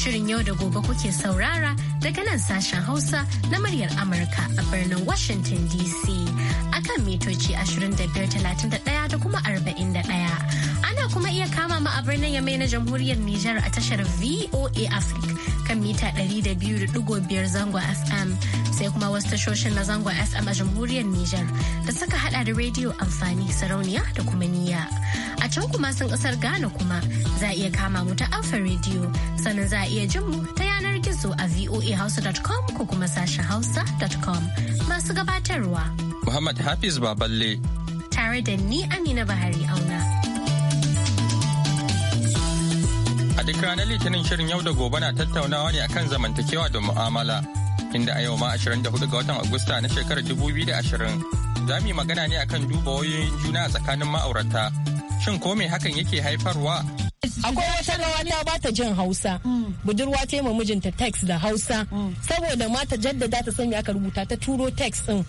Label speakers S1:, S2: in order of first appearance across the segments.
S1: Shirin yau da gobe kuke saurara daga nan sashen Hausa na muryar Amurka a birnin Washington DC kan mitoci 2531 da kuma 41. Ana kuma iya kama mu a birnin Yamai na Jamhuriyar Nijar a tashar VOA Africa kan mita 200.5 zango FM sai kuma wasu tashoshin na zango sm a Jamhuriyar Nijar da suka hada da rediyo amfani sarauniya da kuma niyya. A can kuma sun kasar Ghana kuma za a iya kama mu ta Alfa Radio sannan za iya jin mu ta yanar gizo a voahausa.com ko kuma sashen hausa.com masu gabatarwa.
S2: Muhammad Hafiz Baballe.
S1: Tare da ni Amina Bahari Auna.
S2: A duk ranar Litinin shirin yau da gobe na tattaunawa ne akan zamantakewa da mu'amala. Inda a yau ma 24 ga watan Agusta na shekarar 2020 za mu yi magana ne akan duba wayoyin juna a tsakanin ma'aurata Shin ko me hakan yake haifarwa? Akwai
S3: wata rawa ta ba ta jin Hausa. Budurwa ta ma mijinta text da Hausa. Saboda ma ta jaddada ta sanya aka rubuta ta turo text din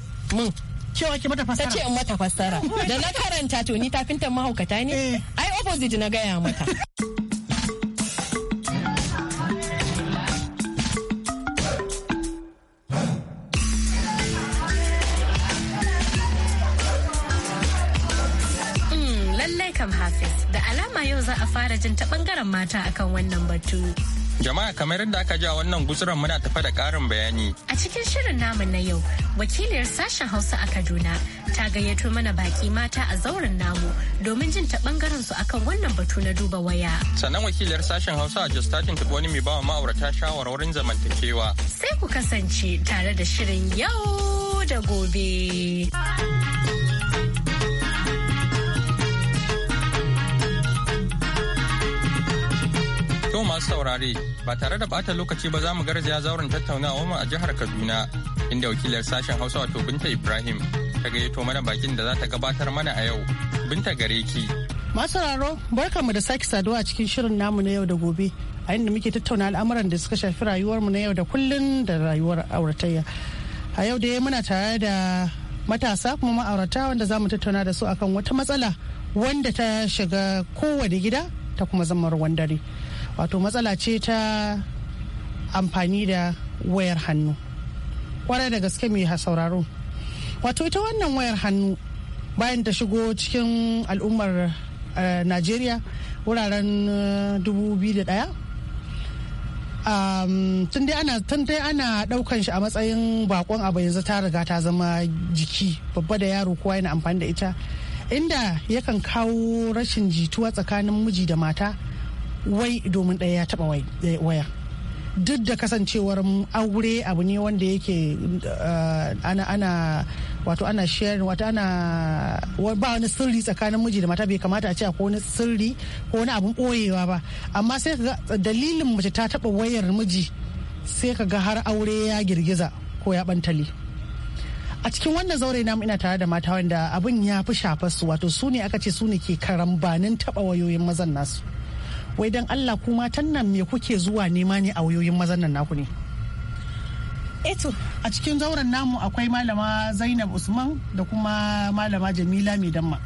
S3: Cewa ke mata fasara. Ta ce in mata fasara. Da na karanta to ni mahaukata ne. Eh. Ai opposite na gaya mata.
S1: kam Hafiz. Da alama yau za a fara jin ta bangaren mata akan wannan batu.
S2: Jama'a kamar yadda aka ji a wannan gutsuran muna tafa da ƙarin bayani.
S1: A cikin shirin namu na yau, wakiliyar sashen Hausa a Kaduna ta gayyato mana baki mata a zauren namu domin jin ta bangaren su akan wannan batu na duba waya.
S2: Sannan wakiliyar sashen Hausa a Justatin ta wani mai bawa ma'aurata shawarwarin zamantakewa.
S1: Sai ku kasance tare da shirin yau da gobe.
S2: To masu saurare ba tare da bata lokaci ba za mu garzaya zauren tattaunawa mu a jihar Kaduna inda wakilar sashen Hausa wato Binta Ibrahim ta gayyato mana bakin da za ta gabatar mana a yau. Binta gareki. ki.
S4: Masu raro barkamu da sake saduwa a cikin shirin namu na yau da gobe a inda muke tattauna al'amuran da suka shafi rayuwarmu na yau da kullun da rayuwar auratayya. A yau dai muna tare da matasa kuma ma'aurata wanda za mu tattauna da su akan wata matsala wanda ta shiga kowane gida ta kuma zama ruwan dare. wato matsala ce ta amfani da wayar hannu kwarai da gaske mai sauraro wato ita wannan wayar hannu bayan ta shigo cikin al'ummar eh, najeriya wuraren 2001 eh, um, tun dai ana tun ana daukan shi a matsayin bakon abu yanzu ta riga ta zama jiki babba da yaro kowa yana amfani da ita inda yakan kawo rashin jituwa tsakanin miji da mata wai domin ɗaya ya taɓa eh, waya duk da kasancewar aure abu ne wanda yake eh, ana ana wato ana sharing wato ana ba wani sirri tsakanin miji da mata bai kamata a ce ko wani sirri ko wani abun boyewa ba amma sai ka ga dalilin mace ta taba wayar miji sai ka ga har aure ya girgiza ko ya bantali a cikin wannan zaure namu ina tare da mata wanda abin ya fi shafar su wato su ne aka ce su ne ke karambanin taba wayoyin mazan nasu wai dan Allah kuma tan nan me kuke zuwa nema ne a wayoyin mazan nan naku ne eto eh a cikin zauren namu akwai malama zainab usman da kuma malama jamila mai damma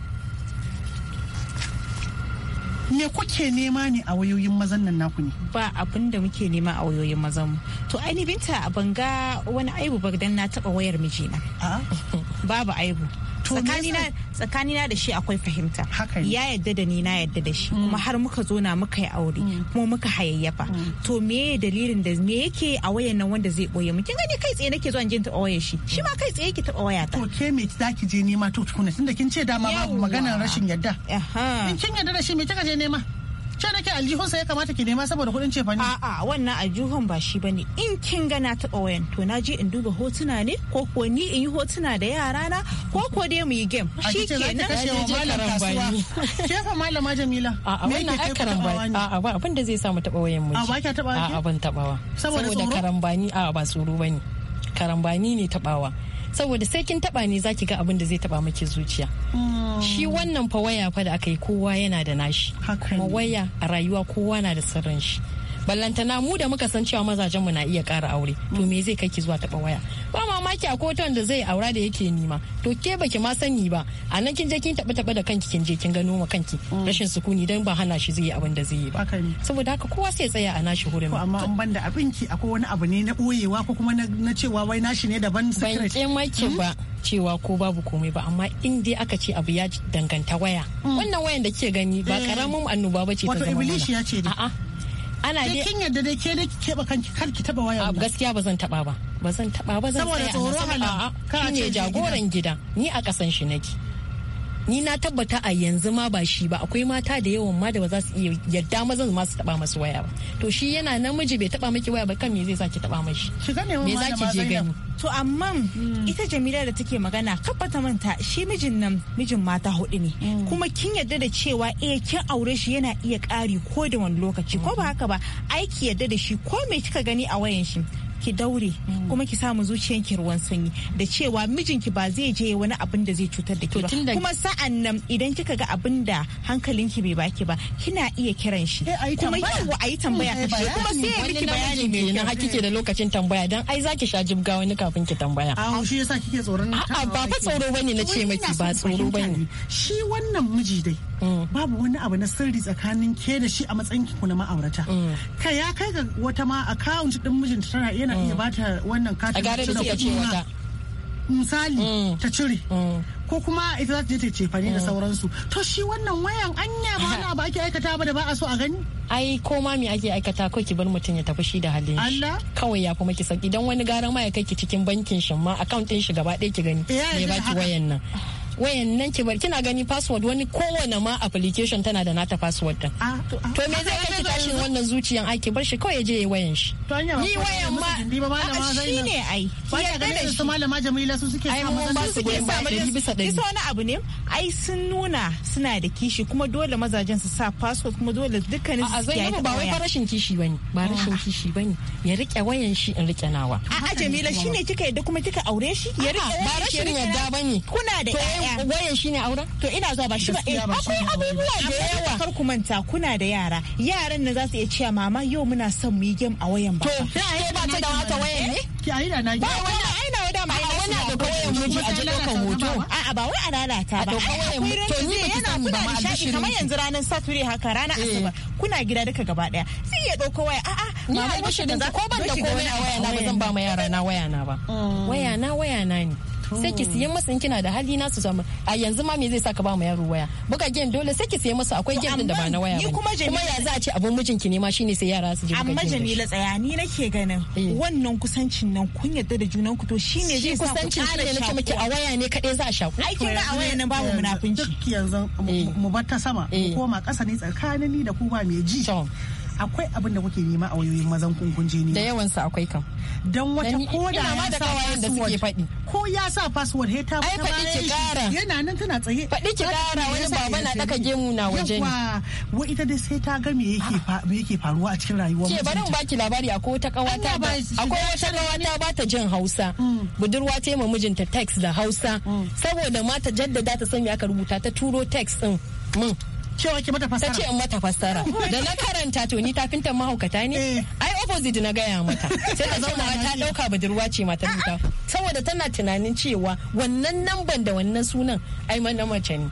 S4: me kuke nema ne a
S5: wayoyin mazan nan naku ne ba abin da muke nema a wayoyin mazan mu to ainihin binta a banga wani aibu ba dan na taba wayar mijina babu aibu tsakanina da shi akwai fahimta ya yadda da ni na yadda da shi kuma mm. har muka zo na muka yi aure mm. kuma muka hayayyafa mm. to me dalilin da me yake a wayan nan wanda zai boye mu kin gani kai tsaye nake zuwa in je ta wayar shi
S4: shi ma kai tsaye yake ta waya ta to ke me zaki je nema to tukuna tunda kin ce dama babu maganar rashin yadda kin yadda da shi me kika je nema ce nake aljihunsa
S5: ya kamata ki nema saboda kuɗin cefane. A'a wannan aljihun ba shi bane in kin ga na taɓa wayan to na je in duba hotuna ne ko ko ni in yi hotuna da yara na ko ko dai mu yi game. Shi ke
S3: nan kashe wa malama kasuwa.
S4: Kefa malama Jamila. A'a wannan ai karambani.
S5: A'a ba
S3: abin da zai sa mu taɓa wayan mu. A'a ba ka taɓa. A'a ban taɓawa. Saboda karambani a'a ba tsoro bane. Karambani ne taɓawa. saboda sai kin taba ne zaki ga abin da zai taba miki zuciya
S6: hmm. shi wannan
S3: fa waya fa da aka yi kowa yana da nashi kuma waya a rayuwa kowa na da sirrin shi ballantana mu da muka san cewa mazajen mu na iya ƙara aure to me zai kai ki zuwa taɓa waya ba mamaki a koton da zai aura da yake nima to ke baki ma sani ba a nan kin je kin taɓa taɓa da kanki kin je kin gano ma kanki mm. rashin sukuni dan ba hana shi zai yi abin da zai yi ba
S4: saboda haka kowa sai tsaya a nashi hurin amma an banda abinki akwai wani abu ne na boyewa ko kuma na cewa wai nashi ne daban secret ban maki hmm? ba cewa ko babu komai ba amma in dai aka ce
S3: abu ya danganta waya
S4: hmm. wannan wayan da ke gani ba karamin
S3: eh. annoba ba ce ta zama wato iblis ya ce a'a ana dai kin yadda dai ke dai keba kanki kar ki taba wayar gaskiya ba zan taba ba ba zan taba ba zan saboda tsoro hala ka ce jagoran gida ni a kasan shi nake ni na tabbata a yanzu ma ba shi ba akwai mata da yawan ma da ba za su iya yadda mazan ma su
S5: taba masu waya ba to shi yana namiji bai taba miki waya ba kan me zai sake taba mashi me za ki je gani to amma hmm. ita Jamila da take magana kabbata manta shi mijin nan mijin mata hudu ne hmm. kuma kin yadda da cewa eh kin aure shi yana iya kari ko da wani lokaci ko ba hmm. haka ba aiki yadda da shi ko me kika gani a wayan shi ki daure mm. kuma ki samu ki ruwan sanyi da cewa mijinki ba zai je wani abin da zai cutar da ki ba kuma sa'an nan idan kika ga abin da hankalinki bai baki ba kina iya kiran shi eh, kuma
S3: a ayi tambaya eh, kuma sai ya miki bayani mai kyau har kike da
S5: lokacin tambaya dan ai zaki sha
S4: jibga wani kafin ki tambaya a ah, shi yasa kike tsoron a'a ba fa tsoro bane na ce miki ba tsoro bane shi wannan miji dai mm. babu wani abu na sirri tsakanin ke da shi a matsayin ku na ma'aurata mm. Ka ya kai ga wata ma account din mijinta tana yana kana mm. bata wannan katin da kuɗi misali mm. ta cire mm. ko kuma ita za ta je ta cefane fani da sauransu to shi wannan wayan anya ba wani abu ake aikata ba da ba a so a gani ai
S3: ko ma me ake aikata ko ki bar mutum ya tafi shi da halin shi kawai ya kuma ki sauki dan wani garan ma ya kai ki cikin bankin shin ma account din shi gaba ɗaya ki gani me baki wayan nan Wayan nan ke bari kina gani password wani kowane ma application tana da nata password din ah, ah. to me zai kai ki tashin wannan zuciyan ake bar shi kawai je wayan shi
S4: ni wayan ma shi ne
S3: ai
S5: ya yarda da shi malama jamila su suke samu ba su suke sa maza bisa dai bisa wani abu ne ai sun nuna suna da kishi kuma dole mazajen su sa password kuma dole dukkanin su ya ba wai ba rashin kishi bane ba rashin kishi bane ya rike wayan shi in rike nawa a'a jamila shine kika yadda kuma kika aure shi ya rike ba rashin yadda bane kuna da shi ne auren to ina zuwa ba shi ba eh, akwai abubuwa da yawa kar ku manta kuna da yara yaran nan za su iya cewa mama yau muna son mu yi game a wayan ba to ba ta da wata waya ne eh? ki a da na ba wannan aina wada ma ina da wayan muji a jikin hoto a'a ba wai a lalata ba akwai ran da yana kuna nishadi kamar yanzu ranar saturday haka ranar eh. asabar kuna gida duka gaba daya sai ya dauko waya a'a mama ko ban da komai a waya na ba zan ba ma yara na waya
S3: na ba mm. waya na waya na ne sai ki siyan masa in kina da hali na su zama a yanzu ma me zai saka ba mu yaro waya buga game dole sai ki siyan masa akwai game din da ba na waya kuma ya za a ce abun mijinki ne ma shine sai yara su je amma Jamila
S5: tsayani nake ganin eh.
S3: wannan kusancin nan kun yadda
S4: da junan ku to shine zai sa kusancin shine nake miki a waya
S5: ne kadai za a shaku
S3: ai kin ga a waya nan babu eh,
S4: munafunci yanzu eh. mu bar ta sama mu koma kasa ne tsakanin ni da ku ba me ji akwai abin da kuke nema a wayoyin mazan kunkunje ne da yawan su akwai kan dan wata ko da ya sa fadi ko ya sa password he ta ki bayan yana nan tana tsaye faɗi ki gara wani baba na daka gemu na waje ne wa ita da sai ta ga me yake me yake faruwa a cikin rayuwar ke barin baki labari akwai wata kawata akwai wata kawata ba ta jin
S3: Hausa mm. budurwa yi ma mijinta text da Hausa mm. saboda mata jaddada ta san me aka rubuta ta turo text din mun mm. cewa ke mata fassara. Ta ce in mata fassara. Da na karanta to ni tafinta mahaukata ne. Eh. Ai opposite na gaya mata. Sai ta zauna ta dauka budurwa ce mata rubuta. Saboda tana tunanin cewa wannan namban da wannan sunan ai mana mace ne.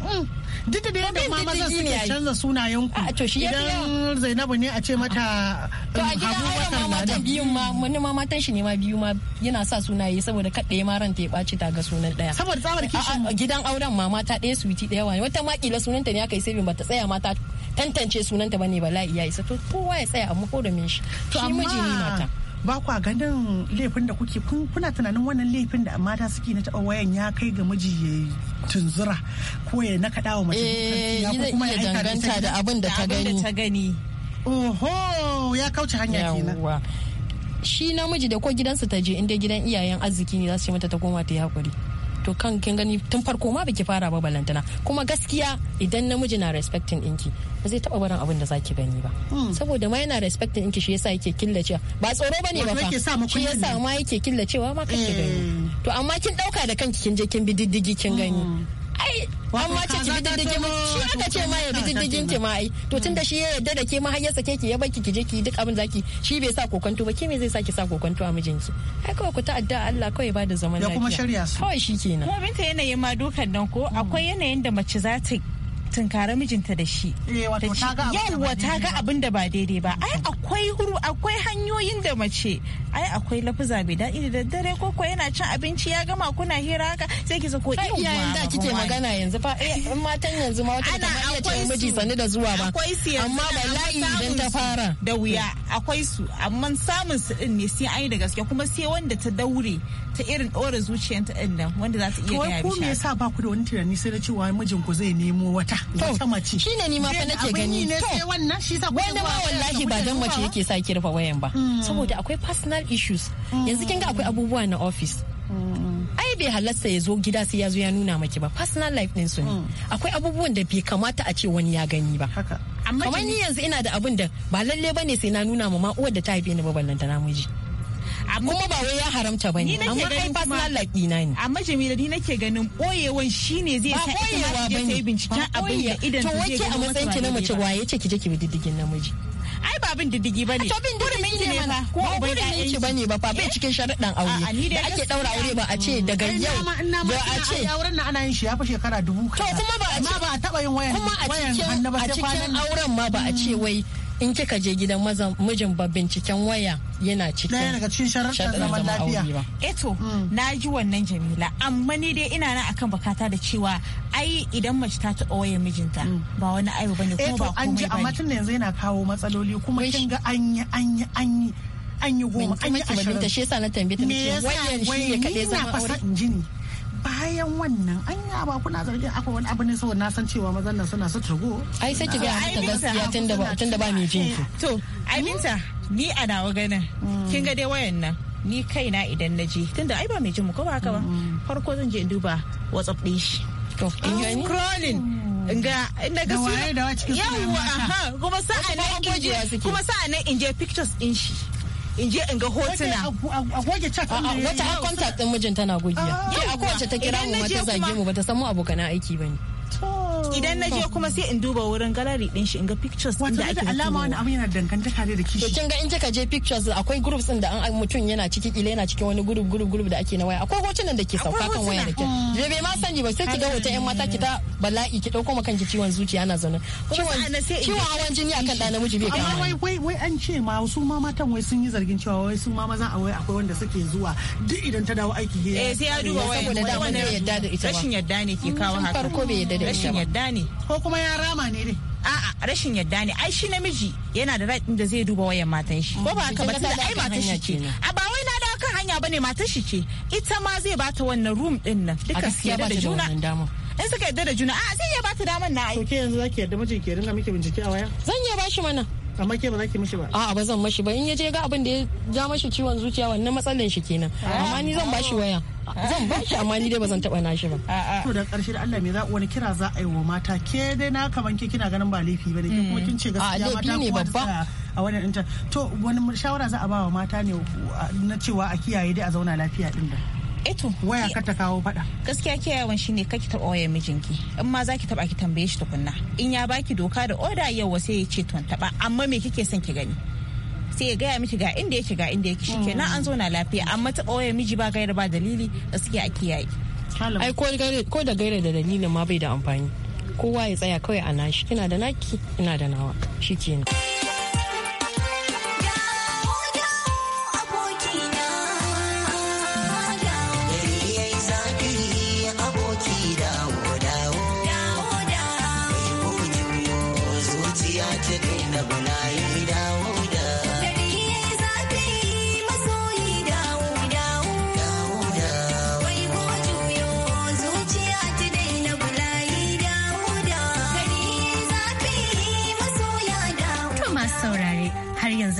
S3: Hmm. duk da yadda ma maza suke canza sunayen ku idan zainabu
S4: ne a ce mata
S3: habu watan mata biyun ma wani ma matan shi ne ma biyu ma yana sa sunaye saboda kaɗe ma ran ta ya ɓaci ta ga sunan ɗaya saboda tsabar kishin gidan auren ma mata ɗaya suwiti ɗaya wani wata ma kila sunanta ne aka yi sabin bata tsaya mata tantance sunanta bane bala'i ya isa to kowa ya tsaya amma ko da min shi to amma.
S4: ba kwa ganin laifin da kuke kuna tunanin wannan laifin da mata suke na taɓa wayan ya kai ga miji ya tunzura ko ya na kaɗa wa mace eh, ko kuma ya danganta da abin da ta
S5: gani
S3: oho ya kauce hanya kenan shi namiji da ko gidansa ta je inda gidan iyayen arziki ne za su yi mata ta koma ta yi hakuri to kan kin gani tun farko ma baki fara ba balantana kuma gaskiya idan namiji na respecting inki ba zai taɓa barin abin da zaki gani ba hmm. saboda ma yana respecting inki shi yasa yake killacewa ba tsoro bane ba fa shi yasa ma yake killacewa ma kake gani hmm. to amma kin ɗauka da kanki kin je kin bi diddigi kin gani hmm.
S6: ai an ce ki bi diddigin shi aka ce ma ya bi diddigin ki ma ai to
S3: hmm. tunda shi ya yarda da ke ma har ya sake ki ya baki ki je ki duk abin zaki shi bai sa kokonto ba ke me zai sa ki sa kokonto a mijinki ai kawai
S5: ku ta'adda Allah kawai ba da zaman lafiya ya kuma kawai shi kenan kuma binta yanayin ma dukan nan ko akwai yanayin da mace za ta tunkara mijinta da shi Yawa eh, ta ga abin da ba daidai ba ai akwai huru akwai hanyoyin da mace ai akwai lafuza bai daɗi da daddare ko ko yana cin abinci ya gama kuna hira haka sai ki ko iya yayin da kike magana yanzu fa eh, in matan yanzu ma wata ba iya ce miji sani da zuwa ba amma wallahi idan ta fara da wuya akwai su amma samun su din ne sai an da gaske kuma sai wanda ta daure ta irin ɗora zuciyanta din nan wanda za ta iya gaya mishi ko me yasa
S4: ba ku da wani tunani sai da cewa mijin ku zai nemo wata to mace shine ni ma fa nake gani to wannan
S5: shi sa wanda
S2: ma
S3: wallahi ba dan mace yake sa ki rufe wayan ba mm. saboda akwai personal issues mm. yanzu kin ga akwai abubuwa na office mm. ai bai halasta ya zo gida sai ya zo ya nuna maki ba personal life din su ne akwai abubuwan da bai kamata a ce wani ya gani ba kamar ni yanzu ina da abin da ba lalle bane sai na nuna ma ma uwar da ta haife ni ba ballanta namiji kuma ba wai ya haramta ba ne amma kai personal
S5: life dina ne amma Jamila ni nake ganin boyewan shine zai sa ita ta yi binciken abin ya idan to wace a matsayin ki na mace waye
S3: ce ki je ki bi diddigin namiji ai ba bin diddigi bane to bin diddigi ne ma ko uban da ki bane ba fa bai eh? cikin sharuɗan
S4: aure da ake daura aure ba a ce daga yau ba a ce wurin nan ana yin shi ya fa shekara dubu to kuma ba a ce ba a taba yin wayan kuma a cikin auren ma ba a ce hmm. wai
S3: in kika je gidan mijin ba binciken waya yana cikin ɗaya daga cikin sharuɗan zaman lafiya
S5: eto mm. na ji wannan jamila amma ni dai ina nan akan bukata da cewa ai idan mace ta taɓa waya mijinta mm. ba wani aibu bane kuma ba komai bane an ji amma tun yanzu
S4: yana kawo matsaloli kuma kin ga anyi anyi anyi an yi goma an yi ashirin. Me yasa wayan shi ne kaɗai zama aure? bayan wannan yi ba kuna zargin akwai wani abu ne saboda na san cewa mazan nan suna su go. ai sai ki ga gaskiya tunda ba tunda
S5: ba mai jin ku. to aminta ni a nawa ganin
S6: hmm. kin ga dai
S5: wayan nan ni kaina idan na je tunda ai ba mai jin mu ko ba haka ba hmm. farko zan je duba whatsapp din shi to in crawling hmm. ga na ga suna yawa kuma sa'a na in je pictures din shi in je in ga hotuna a goge chat
S3: wata a contact din mijin tana gogiya ya ah, a kowace ta kira mu mata zage mu bata san mu abokan aiki bane
S4: idan na je kuma
S5: sai in duba wurin gallery din shi in ga pictures din
S4: da ake alama wani abu
S5: yana dangantaka da kishi to
S3: kin ga in kika je pictures akwai groups din da an mutum yana ciki kila yana cikin wani group group group da ake na waya akwai hotunan da ke sauka kan waya da ke je bai ma sani ba sai ki ga hoton yan mata ki ta bala'i ki dauko maka kanki ciwon zuciya ana zaune ciwon hawan jini akan da namiji bai kama
S4: wai wai wai an ce ma su ma matan wai sun yi zargin cewa wai su ma maza a wai akwai wanda suke zuwa duk idan ta dawo aiki eh sai ya duba wai saboda da wanda yadda da ita ba rashin
S5: yadda ne ke mm, kawo haka farko bai yadda da ita ba yarda ne ko kuma ya rama ne dai a'a rashin yarda ne ai shi namiji yana da right da zai duba wayan matan shi ko ba haka ba tunda ai matan shi ce a ba wai na da kan hanya bane matan shi ce ita ma zai bata wannan room din nan duka su yarda da juna in suka yarda da
S4: juna a zai iya bata daman na ai to ke yanzu zaki yarda mijin ke ringa miki bincike a waya zan iya bashi mana amma ke ba za ki mishi ba
S3: a'a ba zan mashi ba in ya je ga abin da ya ja mashi ciwon zuciya wannan matsalan shi kenan amma ni zan bashi waya
S4: zan ba shi amma ni dai ba zan taba nashi ba to da karshe da Allah me za wani kira za a yi wa mata ke dai na kaman ke kina ganin ba laifi ba ne kuma kin ce mm. gaskiya mata ne babba a wannan inta to wani shawara za a ba wa mata ne uh, na cewa a kiyaye dai a zauna lafiya din da eto waya ka ta kawo fada
S5: gaskiya shi shine kake taba waya mijinki in ma zaki taba ki tambaye shi tukunna in ya baki doka da oda yau sai ya ce ton taba amma me kike son ki gani sai ya gaya miki ga inda yake ga inda yake na mm. an zo na lafiya amma taba waya miji ba gaira ba dalili gaskiya a kiyaye ai ko da gaira da dalilin ma bai
S3: da amfani kowa ya tsaya kawai a nashi ina da naki ina da nawa shikenan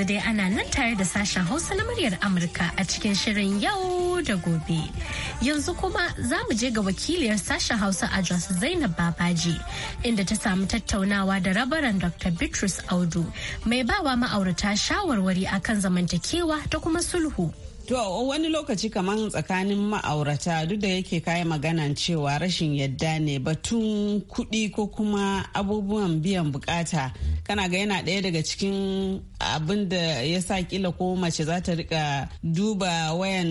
S1: yanzu dai ana nan tare da sashen Hausa na muryar Amurka a cikin shirin yau da gobe. Yanzu kuma za mu je ga wakiliyar sashen Hausa a Jos Zainab Babaji inda ta samu tattaunawa da rabaran Dr. Bitrus Audu mai bawa ma'aurata shawarwari akan zamantakewa ta kuma sulhu.
S7: To wani lokaci kamar tsakanin ma'aurata duk da yake kayan magana cewa rashin yadda ne batun kuɗi ko kuma abubuwan biyan bukata kana ga yana ɗaya daga cikin abin da ya sa kila ko mace za ta rika duba wayan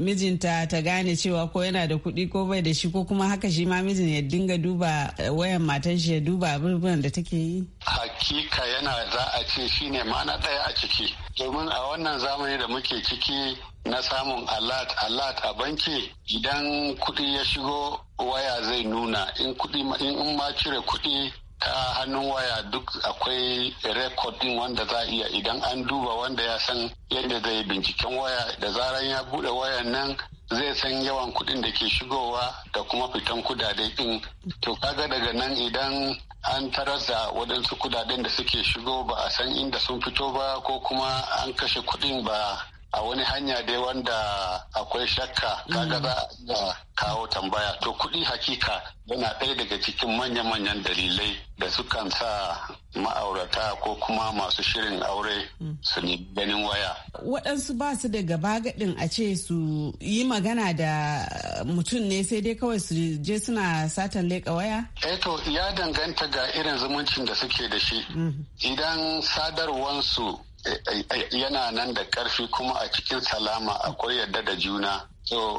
S7: mijinta ta gane cewa ko yana da kuɗi ko bai da shi ko kuma haka shi ma mijin ya dinga duba eh, wayan matan shi ya duba abubuwan da take yi.
S8: Hakika yana za a ce shine mana ɗaya a ciki domin a wannan zamani da muke ciki na samun alert alert a banki idan kuɗi ya shigo waya zai nuna in kuɗi in ma cire kuɗi ta hannun waya duk akwai rekodin wanda za iya idan an duba wanda ya san yadda zai binciken waya da zaran ya buɗe wayan nan zai san yawan kuɗin da ke shigowa da kuma fitan kudade ɗin. to kaga daga nan idan an taras da waɗansu kudaden da suke shigo ba a san inda sun fito ba ko kuma an kashe kuɗin ba a wani hanya dai wanda akwai shakka
S6: kaga mm. za
S8: a kawo tambaya to kuɗi hakika yana ɗaya daga cikin manya-manyan dalilai da sukan sa ma'aurata ko kuma masu shirin aure mm. su ne ganin waya.
S7: Waɗansu ba su da gaba gaɗin a ce su yi magana da mutum ne sai dai kawai su je suna satan leƙa waya?
S8: Eto eh ya danganta ga irin zumuncin da suke da shi. Mm. Idan sadarwansu yana nan da ƙarfi kuma a cikin salama akwai yadda da juna so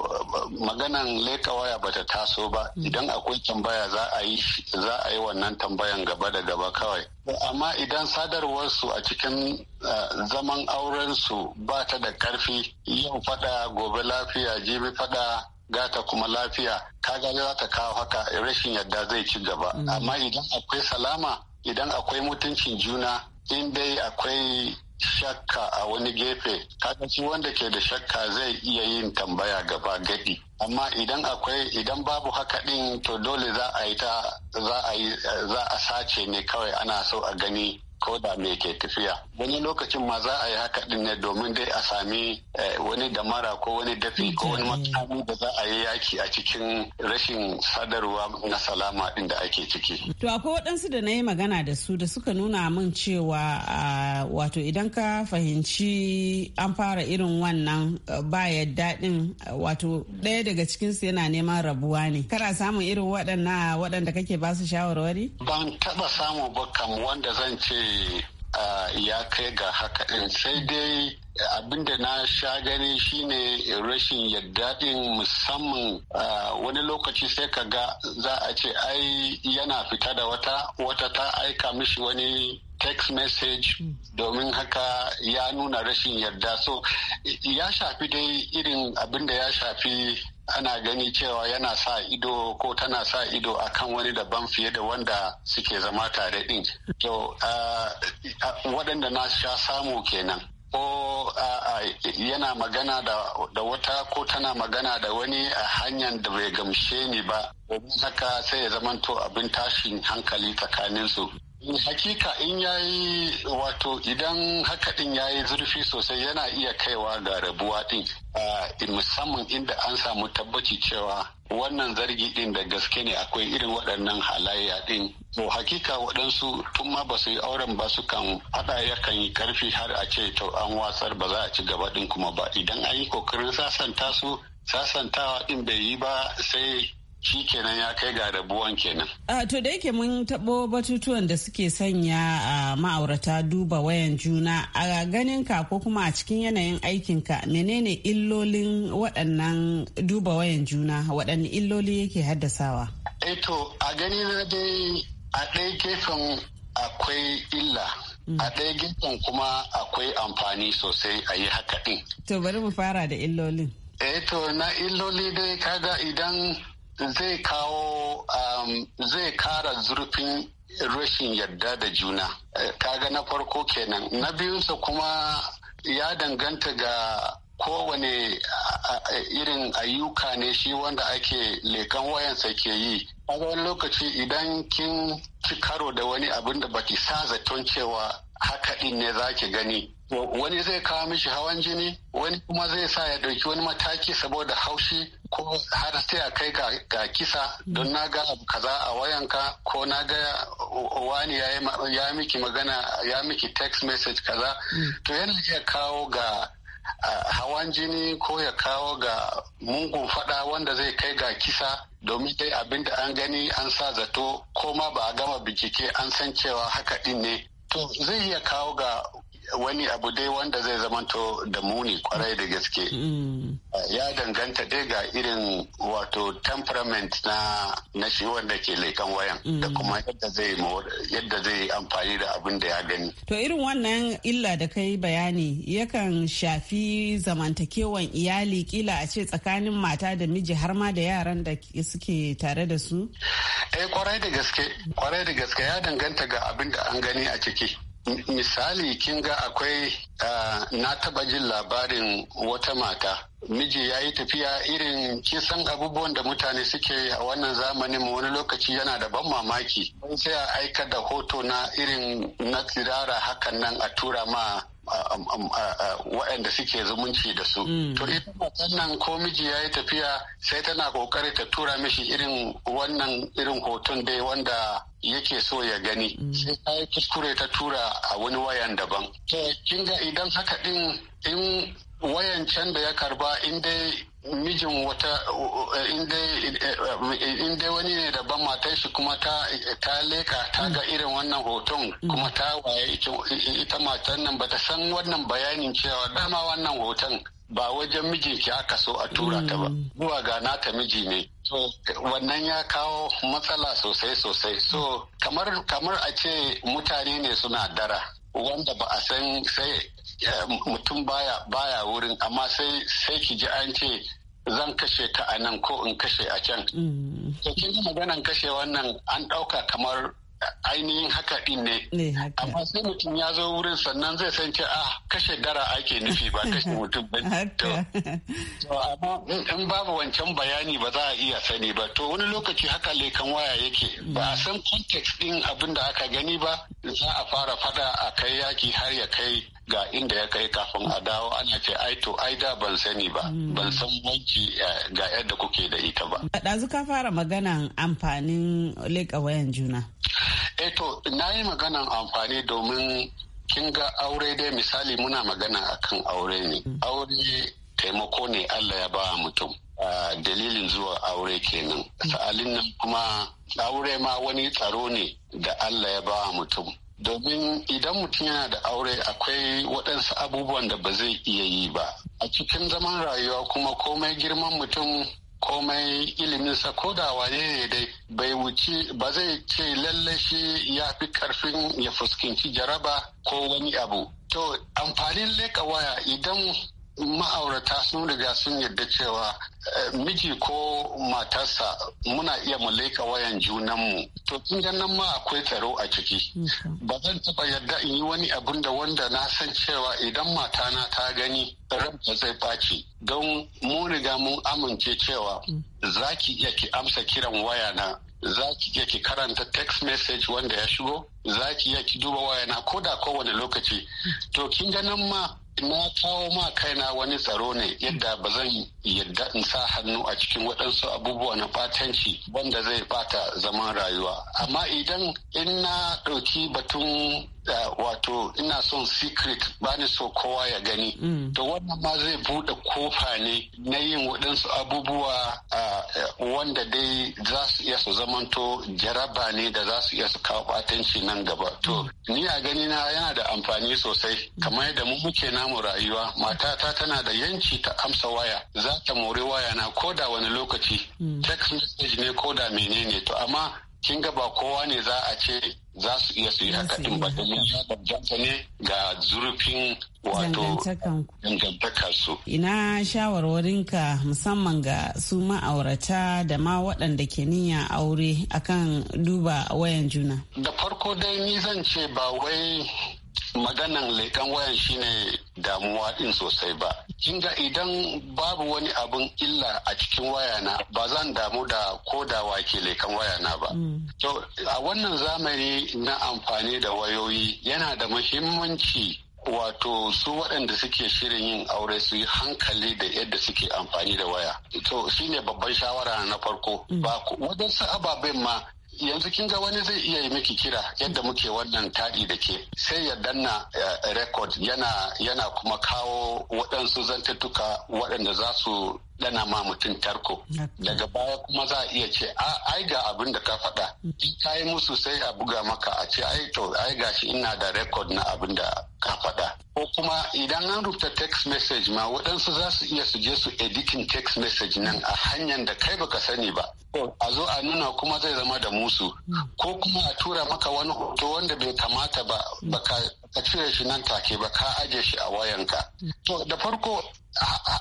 S8: maganan leka waya bata taso ba idan akwai tambaya za a yi za a wannan tambayan gaba da gaba kawai amma idan sadarwar su a cikin eh, zaman su ba ta da ƙarfi yau fada gobe lafiya jibi fada gata kuma lafiya kaga za ta kawo haka rashin yadda zai ci gaba mm. amma idan akwai salama idan akwai mutuncin juna in dai akwai shakka a wani gefe kaga shi wanda ke da shakka zai iya yin tambaya gaba gadi amma idan akwai idan babu haka din to dole za a yi ta za a sace ne kawai ana so a gani ko da me ke tafiya wani lokacin ma za a yi haka din ne domin dai a sami eh, wani damara ko wani dafi ko wani makami da za a yi yaki a cikin rashin sadarwa na salama din da ake ciki.
S7: To akwai waɗansu da na yi magana da su da suka nuna min cewa wato idan ka fahimci an fara irin wannan eh, ba yadda eh, wato ɗaya daga cikinsu yana neman rabuwa ne. Kana samun irin waɗannan waɗanda kake ba su shawarwari?
S8: Ban taɓa samu ba kam wanda zan ce ya kai ga haka ɗin sai dai abinda na sha gani shine rashin yadda ɗin musamman wani lokaci sai ka ga za a ce ai yana fita da wata wata ta aika mishi wani text message domin haka ya nuna rashin yarda so ya shafi dai irin abin da ya shafi ana gani cewa yana sa ido ko tana sa ido akan wani daban fiye da wanda suke zama tare din so waɗanda na sha samu kenan ko yana magana da, wata ko tana magana da wani a hanyar da bai gamshe ni ba domin haka sai ya zamanto abin tashin hankali tsakaninsu hakika in ya yi wato idan haka din yi zurfi sosai yana iya kaiwa ga rabuwa din ah, musamman inda an samu tabbaci cewa wannan zargi din da gaske ne akwai irin waɗannan halayya din to hakika waɗansu tun ma ba su yi auren ba su kan haɗa yakan yi karfi har a ce to an watsar ba za a ci gaba din kuma ba idan an yi kokarin sasanta su sasantawa din bai yi ba sai shi kenan ya kai ga rabuwan kenan.
S7: Uh, to da yake mun taɓo batutuwan da suke sanya uh, ma'aurata duba wayan juna a ganin ka ko kuma a cikin yanayin aikinka menene illolin waɗannan duba wayan juna waɗanne illoli yake haddasawa?
S8: Eto eh, a gani na dai a ɗaya gefen akwai illa Mm. a ɗaya gefen kuma akwai amfani sosai a yi haka ɗin.
S7: To bari mu fara da
S8: illolin. E to na illoli dai kaga idan zai kawo um, zai kara zurfin rashin yadda da juna eh, kaga na farko kenan na biyunsa kuma ya danganta ga kowane irin ayyuka ne shi wanda ake lekan wayansa ke yi wani lokaci idan kin ci karo da wani abin da baki sa zaton cewa haka ne za ki gani wani zai kawo mishi hawan jini wani kuma zai sa ya ɗauki wani mataki saboda haushi ko har sai a kai ga kisa don na ga kaza a wayanka ko na ga wani ya miki magana ya miki text message kaza to yana iya kawo ga hawan jini ko ya kawo ga mungun fada wanda zai kai ga kisa domin dai abinda an gani an sa zato ko ma ba a gama bincike an san cewa haka din ne to zai iya kawo ga wani abu dai wanda zai zamanto da muni kwarai da gaske mm. ya danganta dai ga irin wato temperament na na shi wanda ke laikan wayan mm. da kuma yadda zai yadda zai amfani da abin da ya gani
S7: to irin wannan illa da kai bayani yakan shafi zamantakewan iyali kila a ce tsakanin mata da miji har ma da yaran da suke tare da su
S8: eh kwarai da gaske kwarai da gaske ya danganta ga abin da an gani a ciki misali kin ga akwai na taba jin labarin wata mata miji ya yi tafiya irin kisan abubuwan da mutane suke a wannan zamanin wani lokaci yana da ban mamaki sai a aika da hoto na irin na tsirara hakan nan a tura ma waɗanda suke zumunci da su. Mm. To ita nan ko miji ya yi tafiya sai tana kokari ta tura mishi irin wannan irin hoton dai wanda yake so ya gani mm. sai ta yi kuskure ta tura a wani wayan daban to kin ga idan haka ɗin in wayan can da ya karba in dai mijin wata inda wani ne daban matar shi kuma ta leka ta ga mm. irin wannan hoton mm. kuma ta waye ita matan nan bata san wannan bayanin cewa dama wannan hoton ba wajen mijinki aka so a tura ta ba mm. zuwa ga nata miji ne so wannan ya kawo matsala sosai sosai so kamar kamar a ce mutane ne suna dara wanda ba a san sai eh, mutum baya baya wurin amma sai sai ki ji an ce zan kashe ka a nan ko in kashe a can. Mm. To kin kashe wannan an ɗauka kamar ainihin haka din ne amma sai mutum ya zo wurin sannan zai san ce ah kashe dara ake nufi ba kashe mutum ba to amma in babu wancan bayani ba za a iya sani ba to wani lokaci haka lekan waya yake ba a san context din abin da aka gani ba za a fara fada a kai yaki har ya kai ga inda ya kai kafin a dawo ana ce ai to ai da ban sani ba hmm. ban san wanki eh, ga yadda kuke da ita ba.
S7: Ɗazu ka fara maganan amfanin leƙa wayan juna.
S8: Eh to na yi maganan amfani domin kin ga aure dai misali muna magana akan aure ne. Hmm. Aure taimako ne Allah ya ba mutum. Uh, dalilin zuwa aure kenan. Hmm. Sa'alin nan kuma aure ma wani tsaro ne da Allah ya ba mutum. domin idan mutum yana da aure akwai waɗansu abubuwan da ba zai iya yi ba a cikin zaman rayuwa kuma komai girman mutum komai iliminsa ko da waye ne dai bai wuce ba zai ce lallai shi ya fi karfin ya fuskanci jaraba ko wani abu to amfanin leka waya idan ma'aurata sun riga sun yarda cewa eh, miji ko matarsa muna iya mu laika wayan junanmu to kin nan ma akwai tsaro a ciki ba zan taba yarda in yi wani abun da wanda na san cewa idan matana ta gani ranta zai baci don mu riga mun amince cewa mm. za ki iya ki amsa kiran waya na za ki iya ki karanta text message wanda ya shigo za ki iya ki duba waya na ko da kowane lokaci mm. to kin ga ma na kawo ma kaina wani tsaro ne yadda ba zan yadda in sa hannu a cikin waɗansu abubuwa na batanci wanda zai bata zaman rayuwa amma idan in na ɗauki batun wato ina son secret bani so kowa ya gani mm. to wannan ma zai bude kofa ne na yin waɗansu abubuwa wanda dai za su iya su zamanto jaraba ne da za su iya su kawo batanci nan gaba to mm. ni a gani na yana da amfani sosai kamar yadda mu muke namu rayuwa matata tana da yanci ta amsa waya za ta more waya na koda wani lokaci mm. text message ne koda menene to amma kin ga ba kowa ne za a ce za su iya su yi haka din ba domin ya ne ga zurfin wato su.
S7: Ina shawarwarinka musamman ga su ma'aurata da ma waɗanda ke niyya aure akan duba wayan juna.
S8: Da farko dai ni zan ce ba wai maganan leƙen wayan shine damuwa din sosai ba. Kinga idan babu wani abin illa a cikin waya na. ba zan damu da ko da wake leƙen na ba. Mm. To a wannan zamani na amfani da wayoyi yana da muhimmanci wato su waɗanda suke shirin yin aure su yi hankali da yadda suke amfani da waya to shine babban shawara na farko mm. ba waɗansu ababen ma yanzu kin ga wani zai iya yi miki kira yadda muke wannan taɗi da ke sai ya danna eh, record yana yana kuma kawo waɗansu zantattuka waɗanda za su dana ma mutum tarko daga baya kuma za a iya ce ah, ai ga abin da ka faɗa mm. in ka yi musu sai a buga maka a ce ai to ai shi ina da rekod na abin da ka faɗa ko kuma idan an rubuta text message ma waɗansu za su iya su je su editin text message nan a hanyar da kai baka sani ba a zo a nuna kuma zai zama da musu ko kuma a tura maka wani hoto wanda bai kamata ba baka ka cire shi nan take ba ka aje shi a wayanka to da farko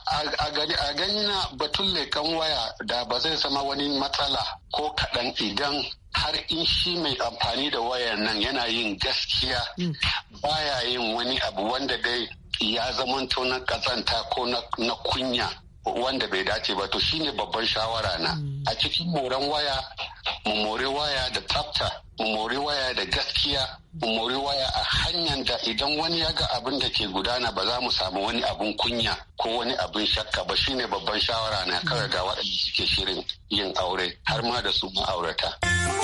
S8: a gani na batun lekan waya da ba zai zama wani matsala ko kaɗan idan har in shi mai amfani da wayar nan yana yin gaskiya baya yin wani abu wanda dai ya zamanto na kazanta ko na kunya wanda bai dace ba to shine babban shawara na mm. a cikin moran waya mu more waya da tsafta mu more waya da gaskiya mu more waya a hanyar da idan wani ya ga abin da ke gudana ba za mu samu wani abin kunya ko wani abin shakka ba shine babban shawara na kawai ga waɗanda suke shirin yin aure har ma da su ma'aurata. aurata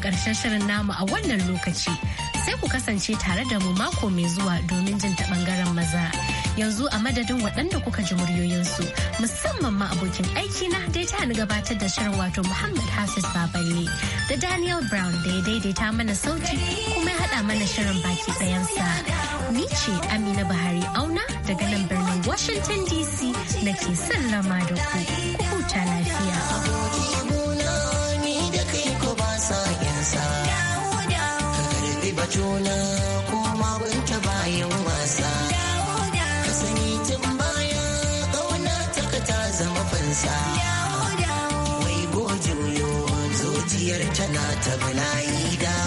S1: karshen shirin namu a wannan lokaci sai ku kasance tare da mu mako mai zuwa domin jin ta ɓangaren maza. Yanzu a madadin waɗanda kuka ji muryoyinsu musamman ma abokin aiki na da ta ni gabatar da shirin wato Muhammad Hafiz Baballe da Daniel Brown da ya daidaita mana sauti kuma ya haɗa mana shirin baki ɗayansa. Ni ce Amina bahari Auna daga nan birnin Washington DC nake sallama da ku.
S9: Ku huta lafiya. juna koma wanke bayan wasa ka sani tun baya ƙauna taka ta zama fansa wai gojo yo zuciyar tana ta
S6: bala'i da